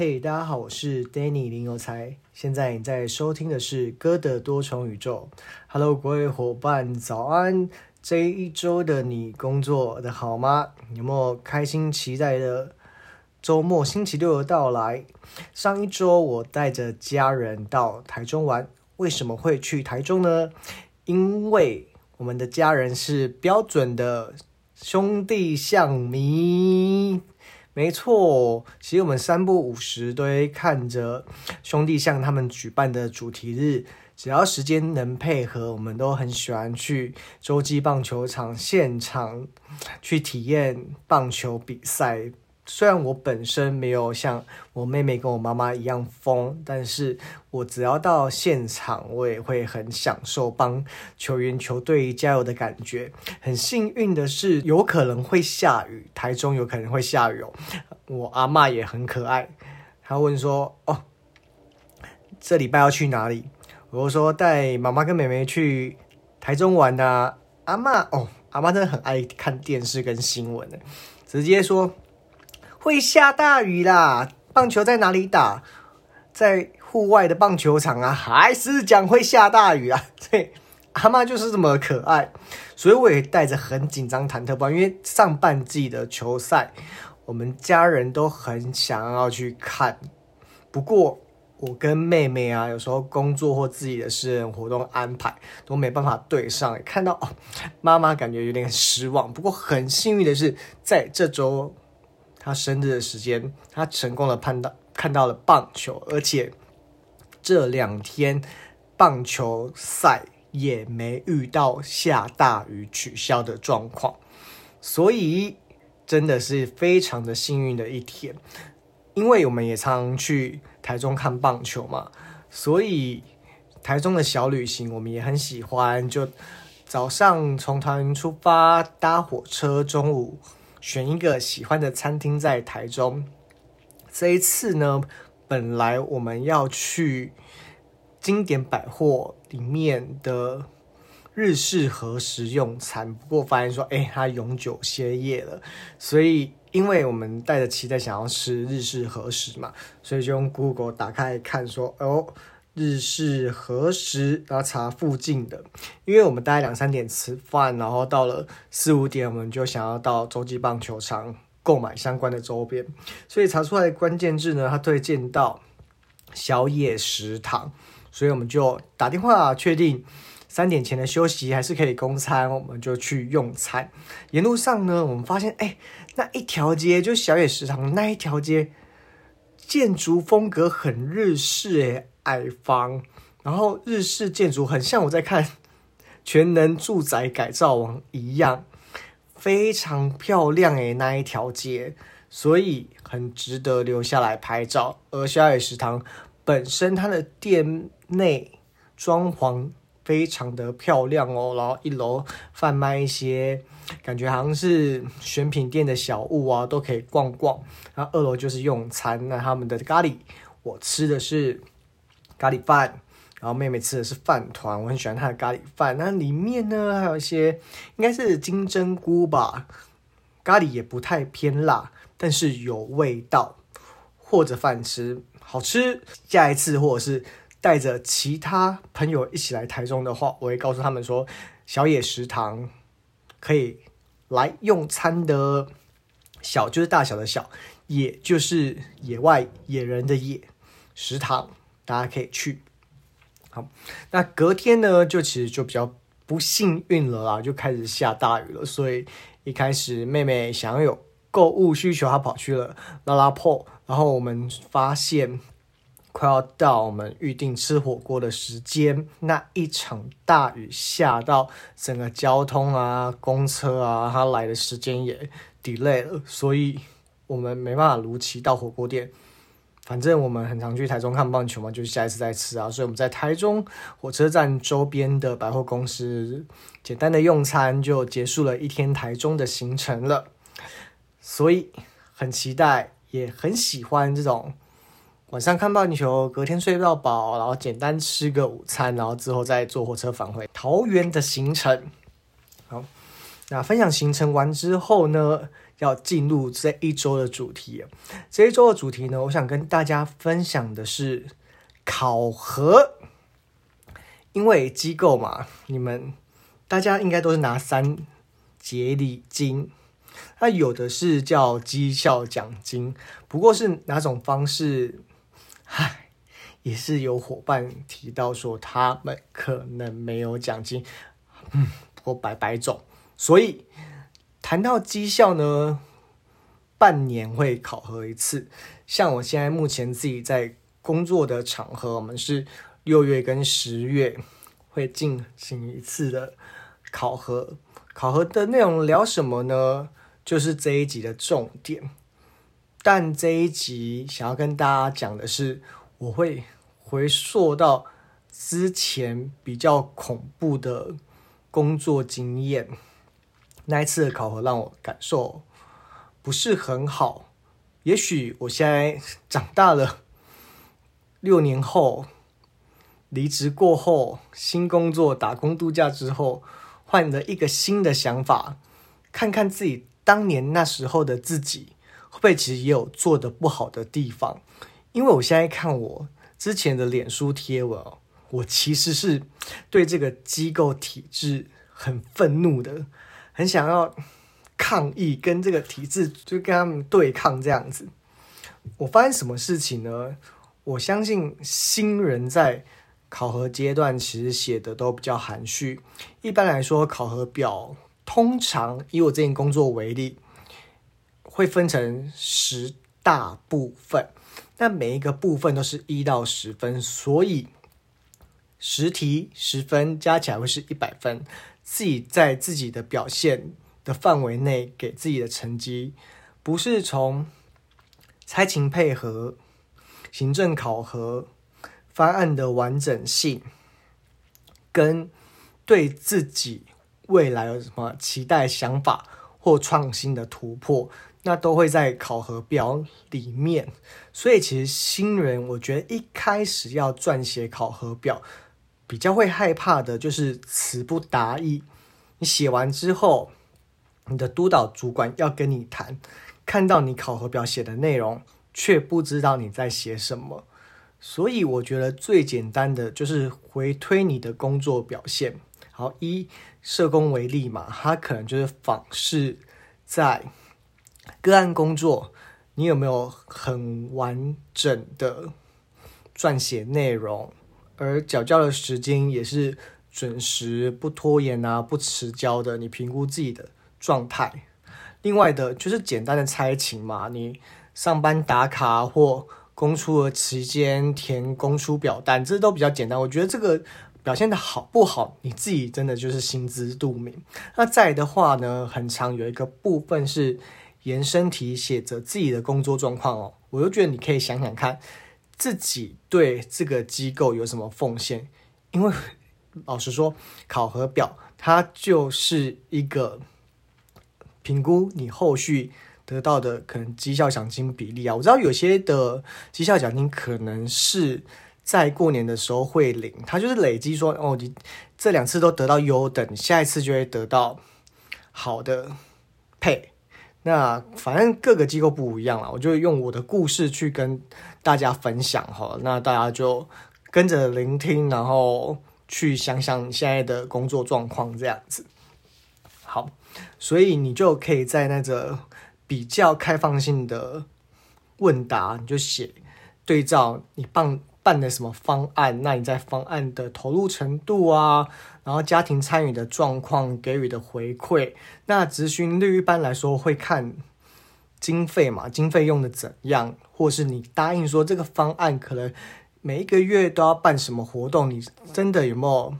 嘿、hey，大家好，我是 Danny 林有才。現在你在收聽的是《歌的多重宇宙》。Hello，各位夥伴，早安！這一週的你工作的好嗎？有沒有開心期待的周末？星期六的到來。上一周我帶着家人到台中玩。為什麼會去台中呢？因為我們的家人是標準的兄弟象迷。沒錯，其實我們三不五時都會看着兄弟象他們舉辦的主題日。只要時間能配合，我們都很喜歡去洲際棒球場現場去體驗棒球比賽。雖然我本身沒有像我妹妹跟我媽媽一樣瘋，但是我只要到現場，我也會很享受幫球員、球隊加油的感覺。很幸運的是，有可能會下雨，台中有可能會下雨哦。我阿嬤也很可愛，她問說：“哦，這禮拜要去哪裡？”我就說：“帶媽媽跟妹妹去台中玩啊。阿”阿嬤哦，阿嬤真的很愛看電視跟新聞的，直接說。會下大雨啦！棒球在哪裡打？在戶外的棒球場啊。還是講會下大雨啊？對，阿媽就是這麼可愛，所以我也帶着很緊張忐忑吧。因為上半季的球賽，我們家人都很想要去看，不過我跟妹妹啊，有時候工作或自己的私人活動安排都沒辦法對上。看到哦，媽媽感覺有點失望。不過很幸運的是，在這週。他生日的時間，他成功的盼到看到了棒球，而且這兩天棒球賽也沒遇到下大雨取消的狀況，所以真的是非常的幸運的一天。因為我們也常去台中看棒球嘛，所以台中的小旅行我們也很喜歡。就早上從桃園出發搭火車，中午。選一個喜歡的餐廳在台中。這一次呢，本來我們要去經典百貨裡面的日式和食用餐，不過發現說，哎，它永久歇業了。所以，因為我們帶着期待想要吃日式和食嘛，所以就用 Google 打開看，說，哦。日式何時？然後查附近的，因為我們大概兩三點吃飯，然後到了四五點，我們就想要到洲際棒球場購買相關的周邊，所以查出來的關鍵字呢，它推薦到小野食堂，所以我們就打電話確定三點前的休息還是可以供餐，我們就去用餐。沿路上呢，我們發現哎、欸，那一條街就是、小野食堂那一條街，建築風格很日式，欸矮房，然後日式建築很像我在看《全能住宅改造王》一樣，非常漂亮哎，那一條街，所以很值得留下來拍照。而小野食堂本身，它的店內裝潢非常的漂亮哦，然後一樓販賣一些感覺好像是選品店的小物啊，都可以逛逛。然後二樓就是用餐，那他們的咖喱，我吃的是，咖喱飯，然後妹妹吃的是飯糰，我很喜歡她的咖喱飯。那裡面呢，還有一些應該是金針菇吧。咖喱也不太偏辣，但是有味道，或者飯吃好吃。下一次或者是帶着其他朋友一起來台中的話，我會告訴他們說，小野食堂可以來用餐的小。小就是大小的小，野就是野外野人的野食堂。大家可以去。好，那隔天呢，就其實就比較不幸運了啦，就開始下大雨了。所以一開始妹妹想要有購物需求，她跑去了 LaLaport，然後我們發現快要到我們預定吃火鍋的時間，那一場大雨下到整個交通啊、公車啊，它來的時間也 delay 了，所以我們沒辦法如期到火鍋店。反正我們很常去台中看棒球嘛，就是下一次再吃啊，所以我們在台中火車站周邊的百貨公司簡單的用餐就結束了一天台中的行程了。所以很期待，也很喜歡這種晚上看棒球，隔天睡到飽，然後簡單吃個午餐，然後之後再坐火車返回桃園的行程。好，那分享行程完之後呢，要進入這一周的主題，這一周的主題呢，我想跟大家分享的是考核，因為機構嘛，你們大家應該都是拿三節禮金，那有的是叫績效獎金，不過是哪種方式，唉，也是有夥伴提到說他們可能沒有獎金，嗯，不過百百種，所以。談到績效呢，半年會考核一次。像我現在目前自己在工作的場合，我們是六月跟十月會進行一次的考核。考核的內容聊什麼呢？就是這一集的重點。但這一集想要跟大家講的是，我會回溯到之前比較恐怖的工作經驗。那一次的考核讓我感受不是很好。也許我現在長大了，六年後離職過後，新工作打工度假之後，換了一個新的想法，看看自己當年那時候的自己，會不會其實也有做的不好的地方？因為我現在看我之前的臉書貼文，我其實是對這個機構體制很憤怒的。很想要抗議，跟這個體制就跟他們對抗這樣子。我發現什麼事情呢？我相信新人在考核階段其實寫的都比較含蓄。一般來說，考核表通常以我最近工作為例，會分成十大部分，但每一個部分都是一到十分，所以十題十分加起來會是一百分。自己在自己的表現的範圍內給自己的成績，不是從差勤配合、行政考核、方案的完整性，跟對自己未來有什麼期待、想法或創新的突破，那都會在考核表裡面。所以，其實新人我覺得一開始要撰寫考核表。比較會害怕的就是詞不達意，你寫完之後，你的督導主管要跟你談，看到你考核表寫的內容，卻不知道你在寫什麼。所以我覺得最簡單的就是回推你的工作表現。好，以社工為例嘛，他可能就是訪視在個案工作，你有沒有很完整的撰寫內容？而繳交的時間也是準時不拖延啊，不遲交的。你評估自己的狀態。另外的，就是簡單的差勤嘛，你上班打卡或公出的期間填公出表單，這都比較簡單。我覺得這個表現得好不好，你自己真的就是心知肚明。那再的話呢，很常有一個部分是延伸題寫着自己的工作狀況哦，我就覺得你可以想想看。自己對這個機構有什麼奉獻？因為老實說，考核表它就是一個評估你後續得到的可能績效獎金比例啊。我知道有些的績效獎金可能是在過年的時候會領，它就是累積說哦，你這兩次都得到優等，下一次就會得到好的 pay。那反正各個機構不一樣了，我就用我的故事去跟大家分享，那大家就跟着聆聽，然後去想想你現在的工作狀況這樣子。好，所以你就可以在那個比較開放性的問答，你就寫對照你辦辦的什麼方案，那你在方案的投入程度啊。然後家庭參與的狀況，給予的回饋。那諮詢率一般來說會看經費嘛，經費用的怎樣，或是你答應說這個方案可能每一個月都要辦什麼活動，你真的有沒有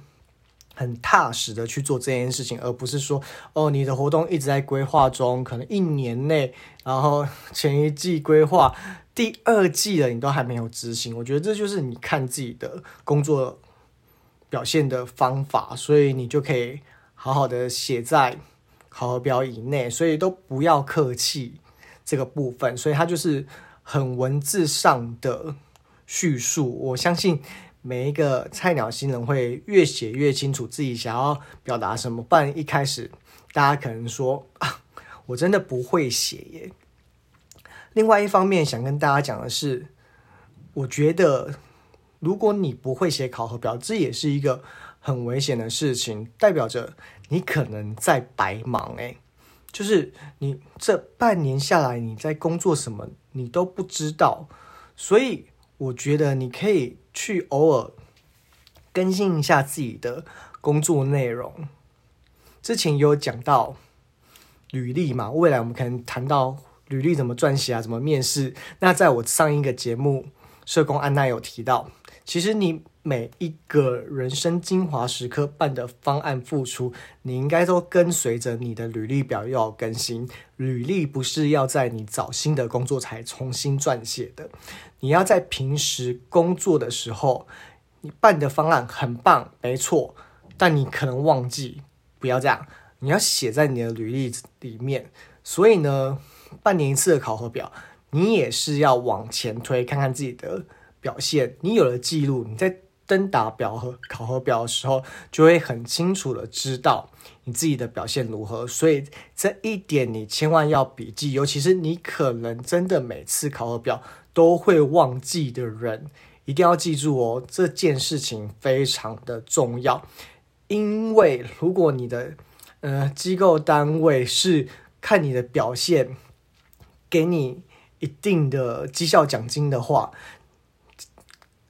很踏實的去做這件事情，而不是說哦，你的活動一直在規劃中，可能一年內，然後前一季規劃第二季的你都還沒有執行。我覺得這就是你看自己的工作表現的方法，所以你就可以好好的寫在考核表以內，所以都不要客氣這個部分，所以它就是很文字上的敘述。我相信每一個菜鳥新人會越寫越清楚自己想要表達什麼，不然一開始大家可能說：“啊，我真的不會寫耶。”另外一方面，想跟大家講的是，我覺得。如果你不會寫考核表，這也是一個很危險的事情，代表着你可能在白忙哎、欸，就是你這半年下來你在工作什麼你都不知道，所以我覺得你可以去偶爾更新一下自己的工作內容。之前有講到履歷嘛，未來我們可能談到履歷怎麼撰寫啊，怎麼面試。那在我上一個節目社工安娜有提到。其實你每一個人生精華時刻辦的方案付出，你應該都跟隨着你的履歷表要更新。履歷不是要在你找新的工作才重新撰寫的，你要在平時工作的時候，你辦你的方案很棒，沒錯，但你可能忘記，不要這樣，你要寫在你的履歷裡面。所以呢，半年一次的考核表，你也是要往前推，看看自己的。表現，你有了記錄，你在登打表和考核表的時候，就會很清楚的知道你自己的表現如何。所以這一點你千萬要筆記，尤其是你可能真的每次考核表都會忘記的人，一定要記住哦。這件事情非常的重要，因為如果你的呃機構單位是看你的表現，給你一定的績效獎金的話。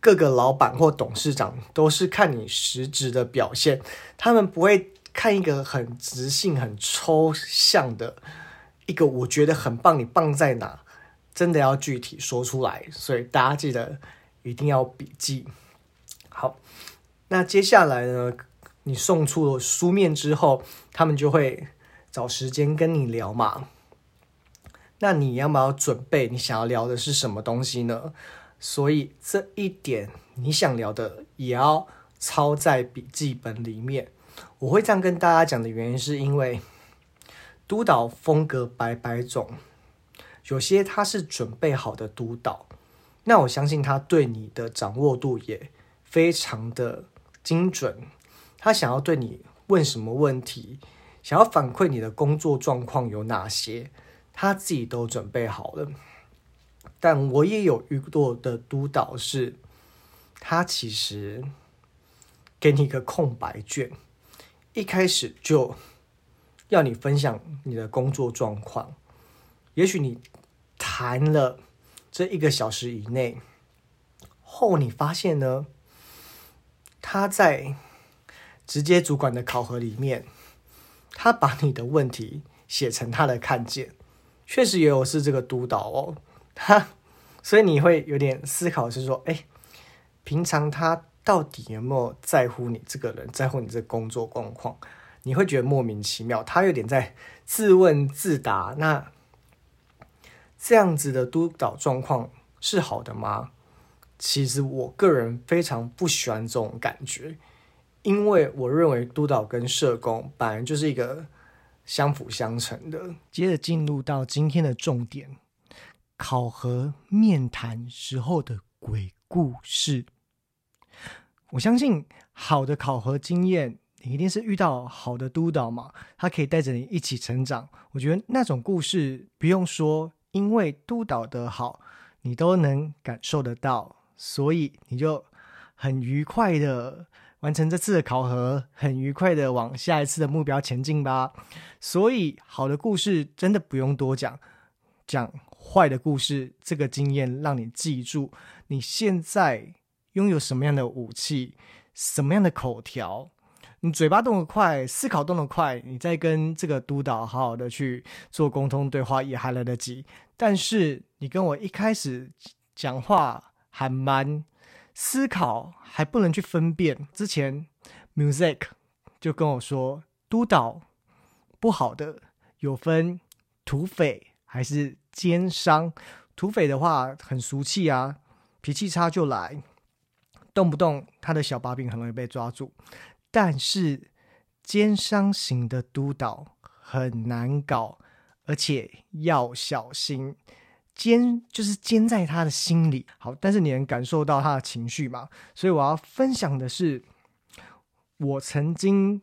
各個老闆或董事長都是看你實質的表現，他們不會看一個很直性、很抽象的。一個我覺得很棒，你棒在哪？真的要具體說出來。所以大家記得一定要筆記。好，那接下來呢，你送出了書面之後，他們就會找時間跟你聊嘛。那你要不要準備？你想要聊的是什麼東西呢？所以這一點，你想聊的也要抄在筆記本裡面。我會這樣跟大家講的原因，是因為督導風格百百種，有些他是準備好的督導，那我相信他對你的掌握度也非常的精準。他想要對你問什麼問題，想要反饋你的工作狀況有哪些，他自己都準備好了。但我也有遇過的督導是，他其實給你一個空白卷，一開始就要你分享你的工作狀況。也許你談了這一個小時以內後，你發現呢，他在直接主管的考核裡面，他把你的問題寫成他的看見，確實也有是這個督導哦。哈， 所以你會有點思考，是說，哎，平常他到底有沒有在乎你這個人，在乎你這工作狀況？你會覺得莫名其妙，他有點在自問自答。那這樣子的督導狀況是好的嗎？其實我個人非常不喜歡這種感覺，因為我認為督導跟社工本來就是一個相輔相成的。接着進入到今天的重點。考核面談時候的鬼故事，我相信好的考核經驗你一定是遇到好的督導嘛，他可以帶着你一起成長。我覺得那種故事不用說，因為督導的好，你都能感受得到，所以你就很愉快的完成這次的考核，很愉快的往下一次的目標前進吧。所以好的故事真的不用多講，講。壞的故事，這個經驗讓你記住，你現在擁有什麼樣的武器，什麼樣的口條，你嘴巴動得快，思考動得快，你再跟這個督導好好的去做溝通對話也還來得及。但是你跟我一開始講話還蠻思考，還不能去分辨。之前 music 就跟我說，督導不好的，有分土匪還是。奸商、土匪的話很俗氣啊，脾氣差就來，動不動他的小把柄很容易被抓住。但是奸商型的督導很難搞，而且要小心，奸就是奸在他的心裡。好，但是你能感受到他的情緒嗎？所以我要分享的是，我曾經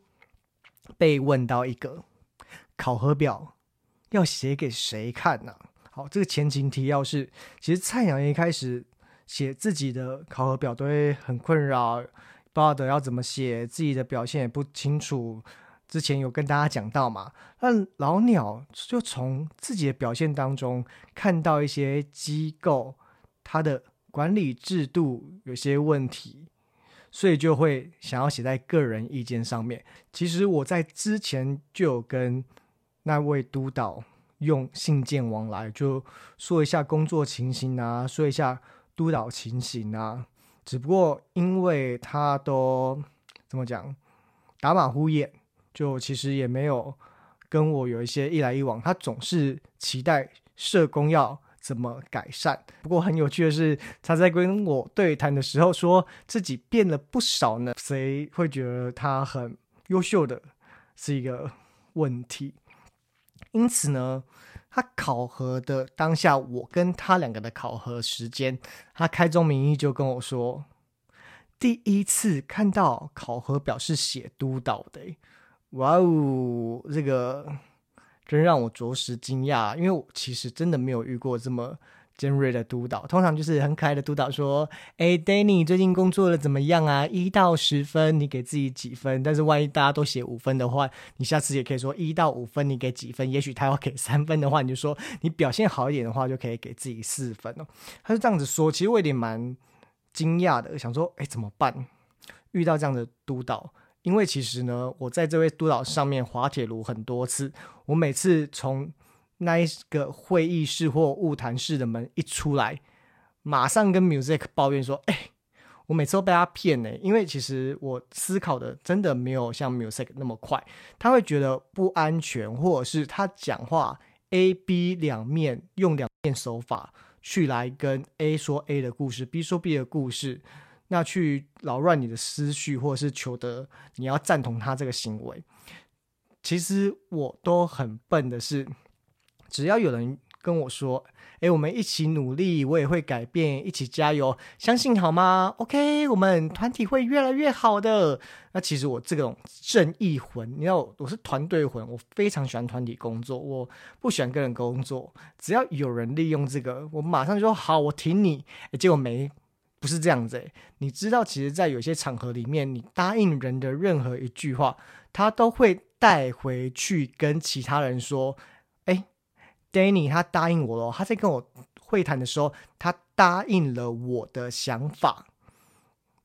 被問到一個考核表要寫給誰看呢、啊？好，這個前情提要是，其實菜鳥一開始寫自己的考核表都會很困擾，不知道得要怎麼寫自己的表現也不清楚。之前有跟大家講到嘛，那老鳥就從自己的表現當中看到一些機構它的管理制度有些問題，所以就會想要寫在個人意見上面。其實我在之前就有跟那位督導。用信件往來，就說一下工作情形啊，說一下督導情形啊。只不過因為他都怎麼講打馬虎眼，就其實也沒有跟我有一些一來一往。他總是期待社工要怎麼改善。不過很有趣的是，他在跟我對談的時候，說自己變了不少呢。誰會覺得他很優秀的是一個問題。因此呢，他考核的當下，我跟他兩個的考核時間，他開宗明義就跟我說，第一次看到考核表是寫督導的，哇哦，這個真讓我着實驚訝，因為我其實真的沒有遇過這麼。尖銳的督導，通常就是很可愛的督導說：“誒，Danny，最近工作的怎麼樣啊？一到十分，你給自己幾分？”但是萬一大家都寫五分的話，你下次也可以說一到五分，你給幾分？也許他要給三分的話，你就說你表現好一點的話，就可以給自己四分喔。他是這樣子說，其實我也有點蠻驚訝的，想說：“誒，怎麼辦？遇到這樣的督導？”因為其實呢，我在這位督導上面滑鐵盧很多次，我每次從。那一個會議室或晤談室的門一出來，馬上跟 music 抱怨說：“哎、欸，我每次都被他騙呢，因為其實我思考的真的沒有像 music 那麼快，他會覺得不安全，或者是他講話 a b 兩面，用兩面手法去來跟 a 說 a 的故事，b 說 b 的故事，那去擾亂你的思緒，或者是求得你要贊同他這個行為。其實我都很笨的是。”只要有人跟我說：“欸，我們一起努力，我也會改變，一起加油，相信好嗎？”OK，我們團體會越來越好的。那其實我這種正義魂，你知道我，我是團隊魂，我非常喜歡團體工作，我不喜歡個人工作。只要有人利用這個，我馬上就說：“好，我挺你。”欸，哎，結果沒，不是這樣子欸。你知道，其實，在有些場合裡面，你答應人的任何一句話，他都會帶回去跟其他人說。Danny，他答應我了。他在跟我會談的時候，他答應了我的想法。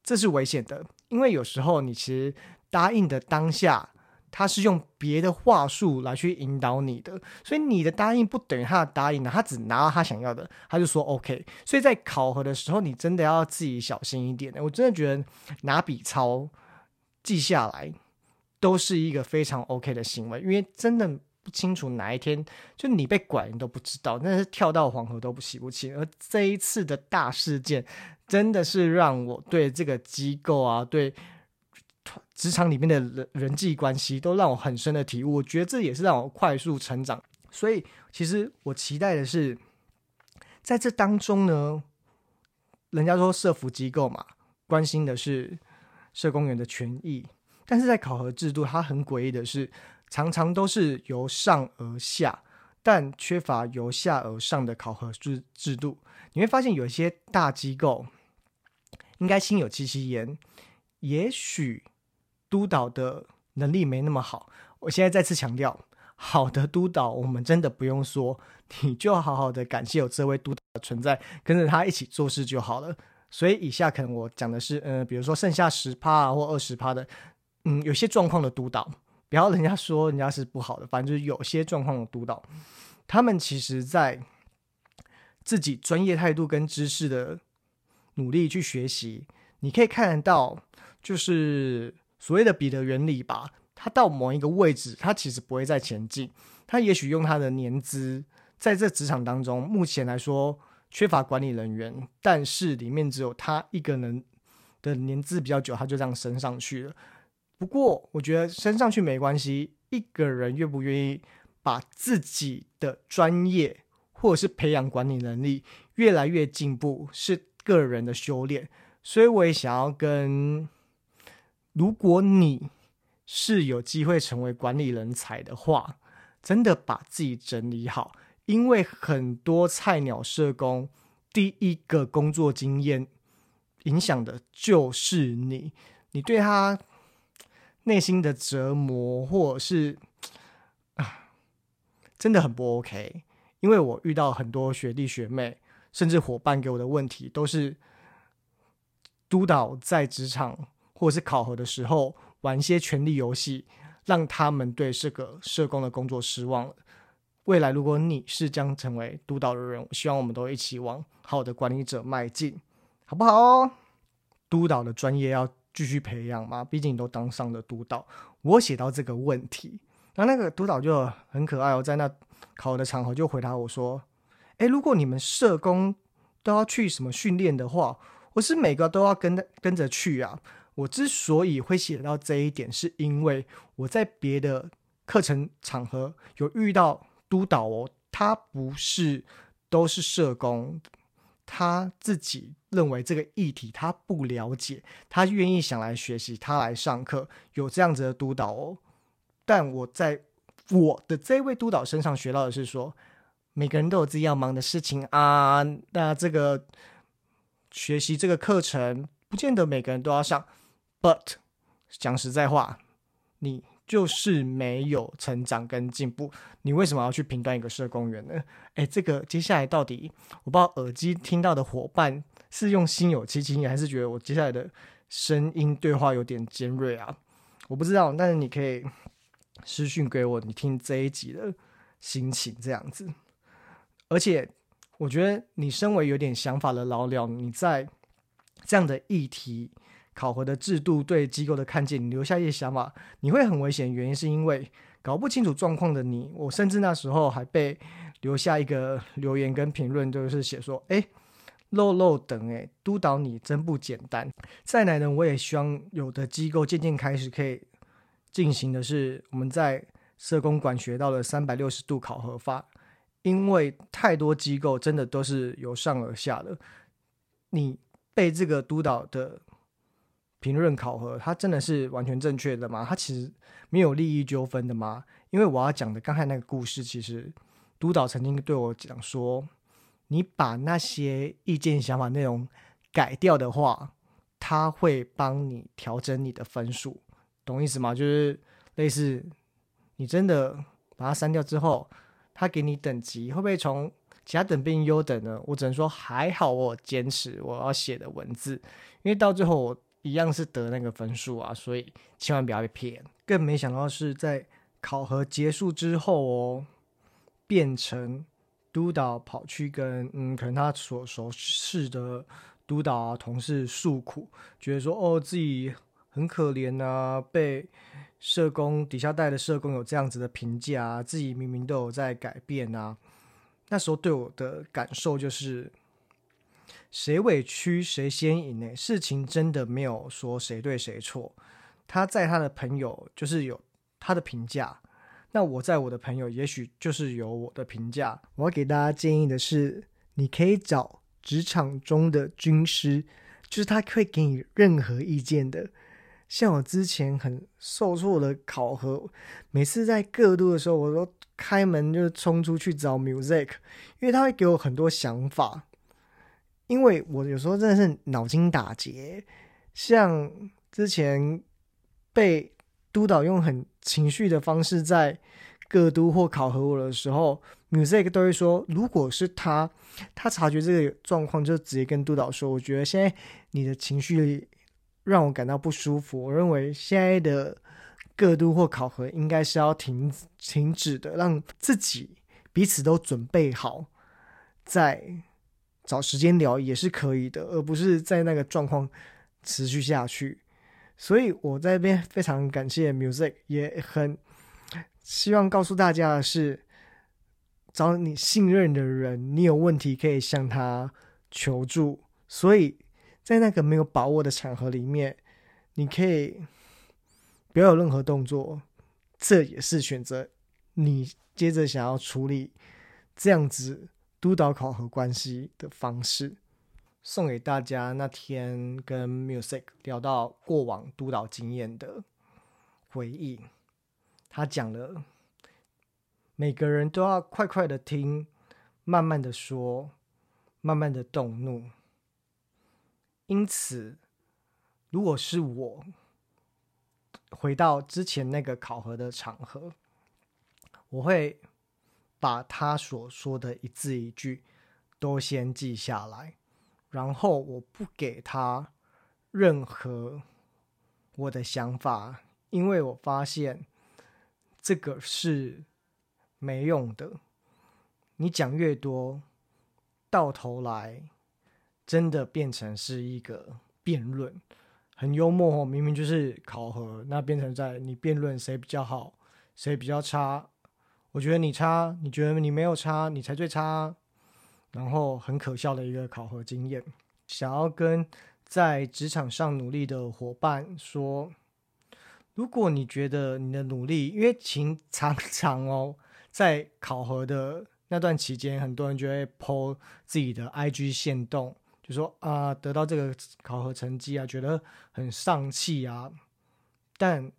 這是危險的，因為有時候你其實答應的當下，他是用別的話術來去引導你的，所以你的答應不等於他的答應呢。他只拿到他想要的，他就說 OK。所以在考核的時候，你真的要自己小心一點。我真的覺得拿筆抄記下來，都是一個非常 OK 的行為，因為真的。清楚哪一天就你被拐，人都不知道，那是跳到黃河都不洗不清。而這一次的大事件，真的是讓我對這個機構啊，對職場裡面的人人際關係，都讓我很深的體悟。我覺得這也是讓我快速成長。所以，其實我期待的是，在這當中呢，人家說社服機構嘛，關心的是社工員的權益，但是在考核制度，它很詭異的是。常常都是由上而下，但缺乏由下而上的考核制制度。你會發現有一些大機構應該心有戚戚焉，也許督導的能力沒那麼好。我現在再次強調，好的督導我們真的不用說，你就好好的感謝有這位督導的存在，跟着他一起做事就好了。所以以下可能我講的是，嗯、呃，比如說剩下十趴啊或二十趴的，嗯，有些狀況的督導。不要人家說人家是不好的，反正就是有些狀況的督導，他們其實在自己專業態度跟知識的努力去學習，你可以看得到，就是所謂的彼得原理吧。他到某一個位置，他其實不會再前進。他也許用他的年資，在這職場當中，目前來說缺乏管理人員，但是裡面只有他一個人的年資比較久，他就這樣升上去了。不過，我覺得升上去沒關係。一個人願不願意把自己的專業或者是培養管理能力越來越進步，是個人的修煉。所以，我也想要跟：如果你是有機會成為管理人才的話，真的把自己整理好，因為很多菜鳥社工第一個工作經驗影響的就是你，你對他，內心的折磨，或者是，啊，真的很不 OK。因為我遇到很多學弟學妹，甚至夥伴給我的問題，都是督導在職場或者是考核的時候玩一些權力遊戲，讓他們對這個社工的工作失望了。未來如果你是將成為督導的人，我希望我們都一起往好的管理者邁進，好不好、哦？督導的專業要。繼續培養嘛，畢竟你都當上了督導。我寫到這個問題，然後那個督導就很可愛哦，我在那考的場合就回答我說：“誒，如果你們社工都要去什麼訓練的話，我是每個都要跟跟着去啊。我之所以會寫到這一點，是因爲我在別的課程場合有遇到督導哦，他不是都是社工。”他自己認為這個議題他不了解，他願意想來學習，他來上課有這樣子的督導哦。但我在我的這位督導身上學到的是說，每個人都有自己要忙的事情啊，那這個學習這個課程不見得每個人都要上。But 講實在話，你。就是沒有成長跟進步，你為什麼要去評斷一個社工員呢？誒，這個接下來到底我不知道，耳機聽到的夥伴是用心有戚戚焉還是覺得我接下來的聲音對話有點尖銳啊？我不知道，但是你可以私訊給我，你聽這一集的心情這樣子。而且我覺得你身為有點想法的老鳥，你在這樣的議題。考核的制度對機構的看見，你留下一些想法，你會很危險，原因是因為搞不清楚狀況的你。我甚至那時候還被留下一個留言跟評論，就是寫說：“誒，漏漏等誒，督導你真不簡單。”再來呢，我也希望有的機構漸漸開始可以進行的是，我們在社工管學到了三百六十度考核法，因為太多機構真的都是由上而下的，你被這個督導的。評論考核，它真的是完全正確的嗎？它其實沒有利益糾紛的嗎？因為我要講的剛才那個故事，其實督導曾經對我講說：“你把那些意見、想法內容改掉的話，他會幫你調整你的分數，懂意思嗎？就是類似你真的把它刪掉之後，他給你等級會不會從甲等變優等呢？我只能說還好，我堅持我要寫的文字，因為到最後我一樣是得那個分數啊，所以千萬不要被騙。更沒想到是在考核結束之後哦，變成督導跑去跟嗯，可能他所熟悉的督導啊、同事訴苦，覺得說哦，自己很可憐啊，被社工底下帶的社工有這樣子的評價啊，自己明明都有在改變啊。那時候對我的感受就是。誰委屈誰先贏呢？欸？事情真的沒有說誰對誰錯。他在他的朋友就是有他的評價，那我在我的朋友也許就是有我的評價。我要給大家建議的是，你可以找職場中的軍師，就是他會給你任何意見的。像我之前很受挫的考核，每次在各路的時候，我都開門就衝出去找 music，因為他會給我很多想法。因為我有時候真的是腦筋打結，像之前被督導用很情緒的方式在各督或考核我的時候 ，Music 都會說，如果是他，他察覺這個狀況，就直接跟督導說，我覺得現在你的情緒讓我感到不舒服。我認為現在的各督或考核應該是要停止停止的，讓自己彼此都準備好，在。找時間聊也是可以的，而不是在那個狀況持續下去。所以我在這邊非常感謝 music，也很希望告訴大家的是，找你信任的人，你有問題可以向他求助。所以在那個沒有把握的場合裡面，你可以不要有任何動作，這也是選擇，你接着想要處理，這樣子。督導考核關係的方式，送給大家。那天跟 Music 聊到過往督導經驗的回憶，他講了：每個人都要快快的聽，慢慢的說，慢慢的動怒。因此，如果是我回到之前那個考核的場合，我會把他所說的一字一句都先記下來，然後我不給他任何我的想法，因為我發現這個是沒用的。你講越多，到頭來真的變成是一個辯論，很幽默哦，明明就是考核，那變成在你辯論誰比較好，誰比較差。我覺得你差，你覺得你沒有差，你才最差啊，然後很可笑的一個考核經驗。想要跟在職場上努力的夥伴說，如果你覺得你的努力，因為情常常哦，在考核的那段期間，很多人就會 po 自己的 IG 限動，就說啊，得到這個考核成績啊，覺得很喪氣啊，但。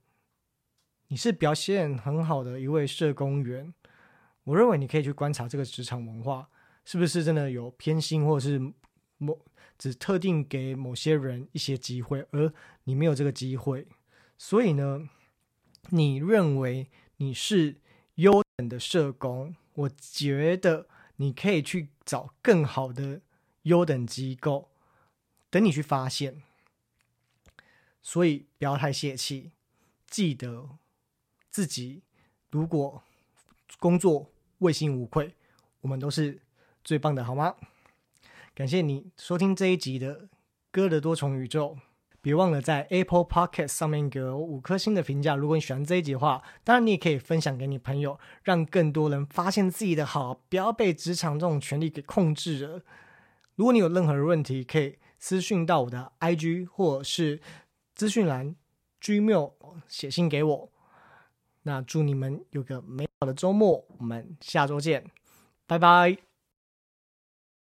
你是表現很好的一位社工員，我認為你可以去觀察這個職場文化是不是真的有偏心，或者是某只特定給某些人一些機會，而你沒有這個機會。所以呢，你認為你是優等的社工，我覺得你可以去找更好的優等機構，等你去發現。所以不要太洩氣，記得。自己如果工作問心無愧，我們都是最棒的，好嗎？感謝你收聽這一集的《歌的多重宇宙》，別忘了在 Apple Podcast 上面給我五顆星的評價。如果你喜歡這一集的話，當然你也可以分享給你朋友，讓更多人發現自己的好，不要被職場這種權力給控制了。如果你有任何問題，可以私信到我的 IG 或者是資訊欄 Gmail 寫信給我。那祝你們有個美好的周末，我們下周見，拜拜。